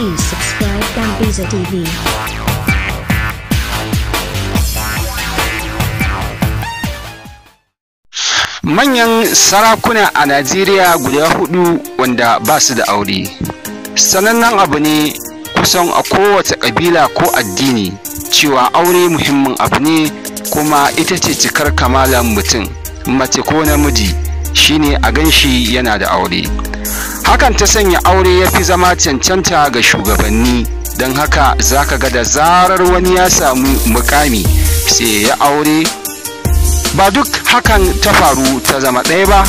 Please subscribe Gambiza TV. manyan sarakuna a najeriya guda hudu wanda ba su da aure sanannen abu ne kusan a kowace ƙabila ko addini cewa aure muhimmin abu ne kuma ita ce cikar kamalan mutum mace ko namiji shine a ganshi yana da aure hakan ta sanya aure ya fi zama cancanta ga shugabanni don haka za ka ga da zarar wani ya samu mukami sai ya aure ba duk hakan ta faru ta zama ɗaya ba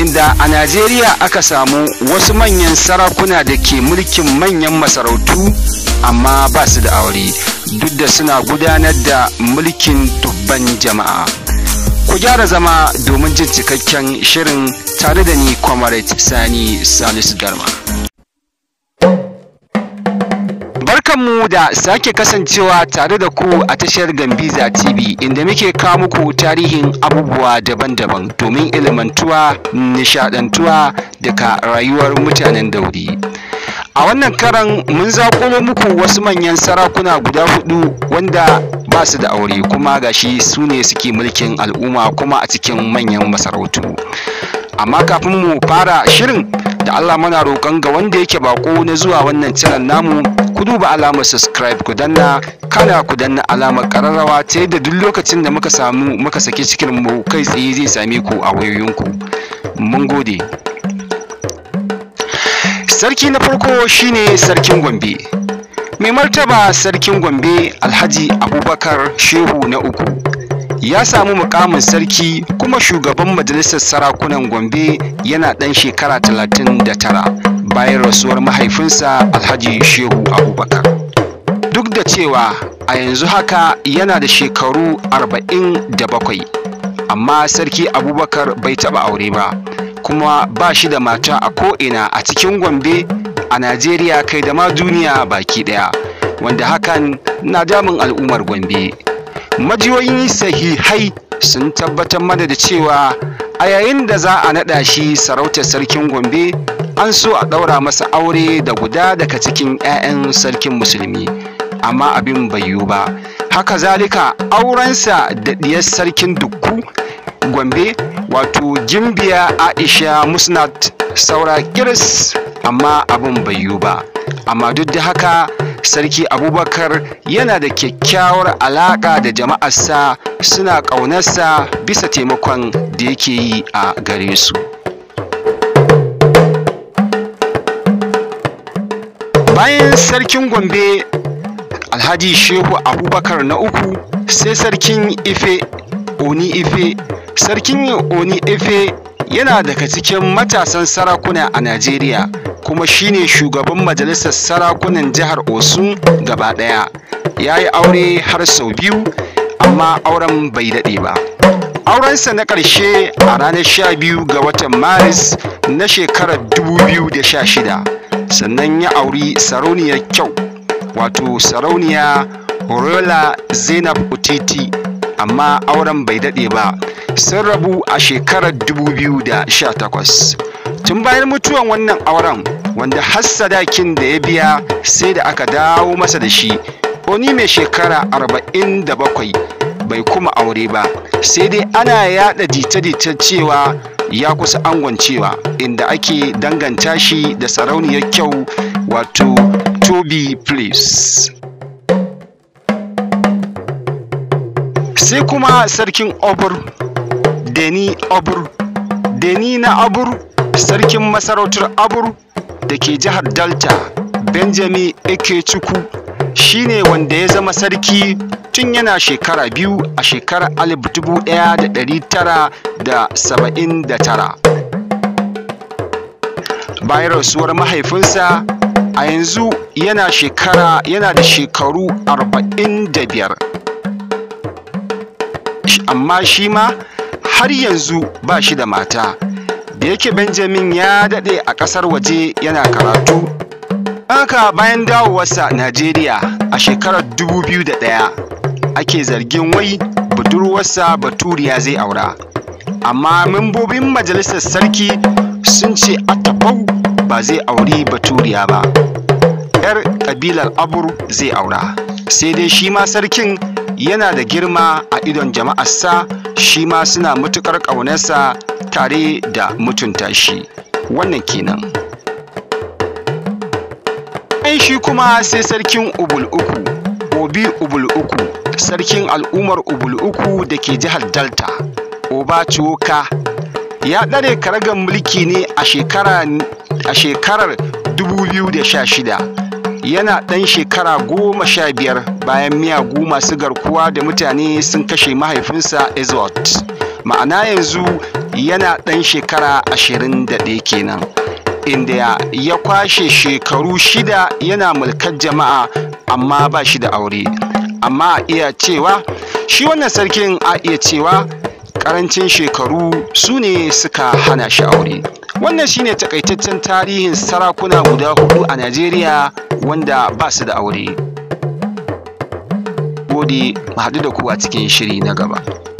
inda a najeriya aka samu wasu manyan sarakuna da ke mulkin manyan masarautu amma ba su da aure duk da suna gudanar da mulkin dubban jama'a ku gyara zama domin jin cikakken shirin tare da ni comrade sani salisu darma barkanmu da sake kasancewa tare da ku a tashar gambiza tv inda muke kawo muku tarihin abubuwa daban-daban domin ilimantuwa, nishadantuwa daga rayuwar mutanen dauri a wannan karan mun zaƙo muku wasu manyan sarakuna guda hudu wanda ba su da aure kuma gashi su ne suke mulkin al'umma kuma a cikin manyan masarautu amma kafin mu fara shirin da Allah muna roƙon ga wanda yake bako na zuwa wannan channel namu ku duba alamar subscribe ku danna kana ku danna alamar kararrawa ta yadda duk lokacin da muka samu muka saki cikin mu kai tsaye zai same ku a wayoyinku mun gode sarki na farko shine sarkin gombe mai martaba sarkin gombe alhaji abubakar shehu na uku ya samu mukamin sarki kuma shugaban majalisar sarakunan gombe yana ɗan shekara 39 bayan rasuwar mahaifinsa alhaji shehu abubakar duk da cewa a yanzu haka yana da shekaru 47 amma sarki abubakar bai taɓa aure ba kuma ba shi da mata a ko'ina a cikin gombe a Najeriya kai da ma duniya baki ɗaya wanda hakan na damun al'ummar Gombe. Majiyoyin sahihai sun tabbatar mana da cewa a yayin da za a naɗa shi sarautar sarkin Gombe an so a ɗaura masa aure da guda daga cikin 'ya'yan sarkin musulmi amma abin bai yiwu ba haka zalika aurensa da ɗiyar sarkin dukku gombe wato gimbiya aisha musnat saura kiris amma abin bai yiwu ba amma duk da haka sarki abubakar yana da kyakkyawar alaƙa da jama'arsa suna ƙaunarsa bisa taimakon da yake yi a gare su bayan sarkin gombe alhaji shehu abubakar na uku sai sarkin ife oni ife sarkin oni ife yana daga cikin matasan sarakuna a Najeriya kuma shine shugaban majalisar sarakunan jihar Osun gaba ɗaya. Ya yi aure har sau biyu amma auren bai daɗe ba. Aurensa na ƙarshe a ranar sha 12 ga watan Maris na shekarar da sha shida, sannan ya auri sarauniya kyau wato sarauniya Horola Zainab Utiti amma auren bai daɗe ba. sun rabu a shekarar 2018 tun bayan mutuwan wannan auren wanda har sadakin da ya biya sai da aka dawo masa da shi oni mai shekara 47 bai kuma aure ba sai dai ana yada jita-jita cewa ya kusa angoncewa inda ake danganta shi da sarauniyar kyau wato toby place sai kuma sarkin obor deni abur deni na abur sarkin masarautar abur da ke jihar delta benjamin ekechukwu ne wanda ya zama sarki tun yana shekara biyu a shekarar 1979 bayan rasuwar mahaifinsa a yanzu yana shekara yana da shekaru 45 amma shi ma har yanzu ba shi da mata da yake benjamin ya daɗe a ƙasar waje yana karatu haka bayan dawowarsa najeriya a shekarar 2001 ake zargin wai budurwarsa baturiya zai aura amma membobin majalisar sarki sun ce a atabau ba zai auri baturiya ba 'yar ƙabilar abur zai aura sai dai shi ma sarkin yana da girma a idon jama'arsa shi ma suna matuƙar ƙaunarsa tare da mutunta shi wannan kenan bayan shi kuma sai sarkin ubul uku obi ubul uku sarkin al'ummar ubul uku da ke jihar delta oba ya ɗare karagar mulki ne a shekarar 2016 yana ɗan shekara goma sha biyar bayan miyagu masu garkuwa da mutane sun kashe mahaifinsa Ezot. Ma'ana yanzu yana ɗan shekara ashirin da ɗaya kenan. Inda ya kwashe shekaru shida yana mulkar jama'a amma ba shi da aure. Amma a iya cewa, shi wannan sarkin a iya cewa ƙarancin shekaru su ne suka hana shi aure. wannan shine takaitaccen tarihin sarakuna guda hudu a najeriya wanda ba su da aure gode mu haɗu da ku a cikin shiri na gaba